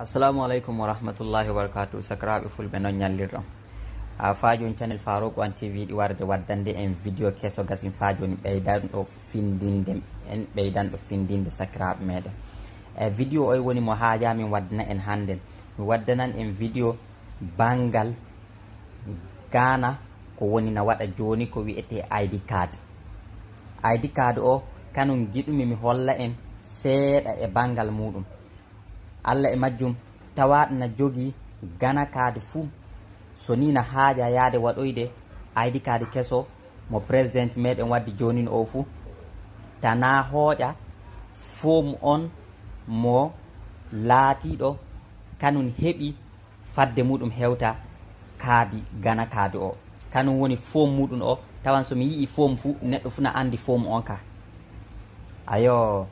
assalamu aleykum wa rahmatullahi wabarakatu sakiraɓe fulɓe noon ñallirɗon a fajoni channel farou goan tv ɗi warde waddande en vidéo kesso gasin fajoni ɓeydanɗo findinde en ɓeydanɗo findinde sakiraɓe meɗen eyyi vidéo oy woni mo haaja min waddana en hannden mi waddanan en vidéo bangal gana ko woni na waɗa joni ko wiyete id card id card o kanum jiɗumi mi holla en seeɗa e bangal muɗum allah e majjum tawaɗana jogi gana kaade fuu so ni na haaja yaade waɗoyde aydi kaade keso mo président meɗen wadde jonin o fuu tana hooƴa fom on mo laatiɗo kanum heɓi fadde muɗum hewta kaadi gana kaadi o kanum woni fom muɗum o tawan somi yii fom fuu neɗɗo fuu na anndi fom on ka ayo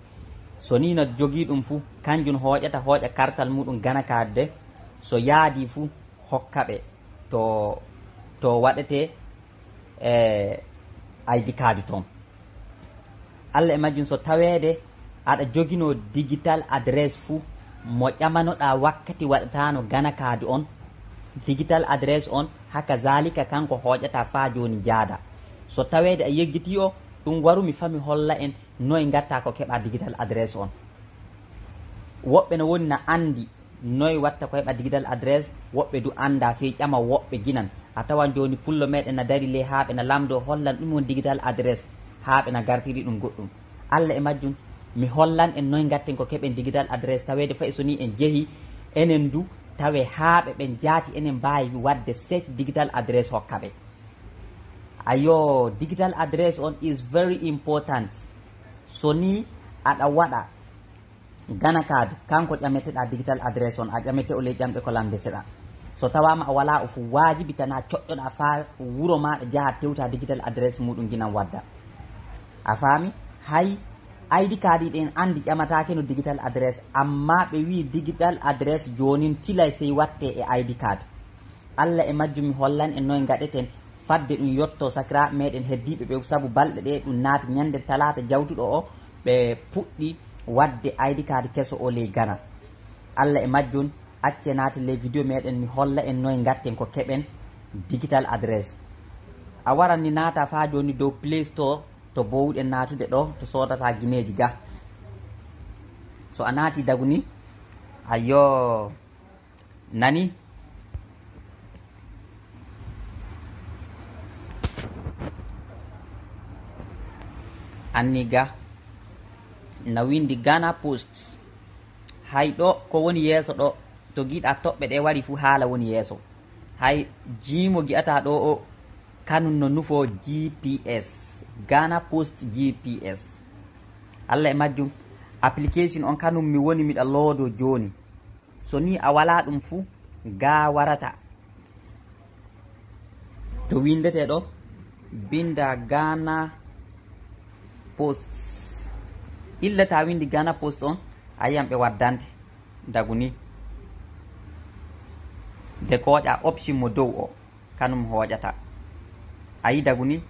so ni no jogii ɗum fuu kanjum hooƴata hooƴa kartal muɗum gana kaadde so yaadi fuu hokka ɓe to to waɗete e aydi kaadi toon allah e majjum so taweede aɗa joginoo digital adresse fuu mo ƴamanoɗaa wakkati waɗataano gana kaadi on digital adresse on haka zalika kanko hooƴata faa jooni jaada so taweede a yeggitii o ɗum waru mi fami holla en noye ngatta ko keɓa digital adresse on woɓɓe no woni na anndi noy watta koye ɓa digital adress woɓɓe du annda sey ƴama woɓɓe ginan a tawan joni pullo meɗen na dari ley haa ɓena lamdo hollan ɗum woni digital adress haa ɓena gartiri ɗum goɗɗum allah e majjum mi hollan en noy gatten ko keɓen digital adress tawede fayi so ni en jeehi enen du tawe haa ɓe ɓen jaati enen mbawi wadde set digital adress hokka ɓe ayo digital adress on is very important so ni aɗa waɗa gana kaade kanko ƴameteɗa digital adress on a ƴamete o ley ƴamɓe ko lamdeseɗa so tawama a wala o fo wajibi tan a coƴƴoɗa fa wuuro maɗa jaha tewta digital adress muɗum guinan wadda a faami hay aydi kaaliɗe en andi ƴamatake no digital adress amma ɓe wi digital adress jonin tilay sey watte e aydi kaad allah e majjum mi hollan en noye gaɗeten fadde ɗum yotto sacraɓe meɗen heddiɓeɓe saabu balɗe ɗe ɗum naati ñande talata jawtuɗo o ɓe puɗɗi wadde aydi kaadi keso o ley gana allah e majjun acce naati ley vidéo meɗen ni holla en noye gatten ko keɓen digital adresse a waran ni naata fa joni dow play store to bowɗen naatude ɗo to sodata guineji ga so a naati daguni ayo nani anni ga na windi ghana post hayɗo ko woni yeeso ɗo to giɗa toɓɓe ɗe wari fuu haala woni yeeso hay jiimo gi'ata ɗo o kanu no nufo gps ghana post gps allah e majjum application on kanum mi woni miɗa loodo jooni so ni a wala ɗum fuu gaa warata to windete ɗo binda ghana posts illa ta windi gana post on a yiyan ɓe waddande dagu ni de ko waɗa option mo dow o kanum hoƴata ayi dagu ni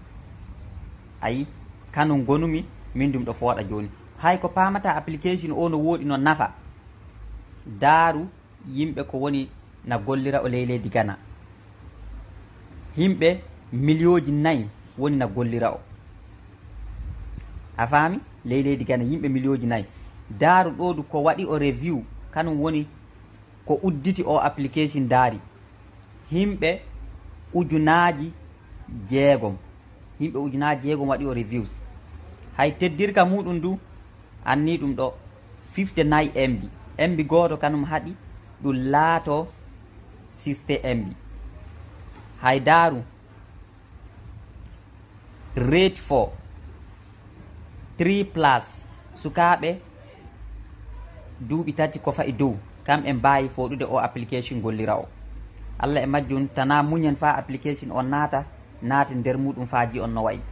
ayi kanum gonumi min ɗum ɗo fooɗa joni hay ko pamata application o no wooɗi no nafa daaru yimɓe ko woni na gollira o leyleydi gana yimɓe millioji nayyi woni na gollira o a faami ley leydi gana yimɓe millioji nayyi daaru ɗodu ko waɗi o review kanum woni ko udditi o application daari himɓe ujunaji jeegom yimɓe ujunaji jeegom waɗi o reviews hay teddirka muɗum du anni ɗum ɗo fifte nayyi embi embi goto kanum haɗi ɗum laato siste embi hay daaru rate fo tri plus sukaɓe duuɓi tati ko fayi dow kam en mbawi foɗude o application gollira o allah e majjum tana muñen fa application o naata naati nder muɗum faaji on no wayi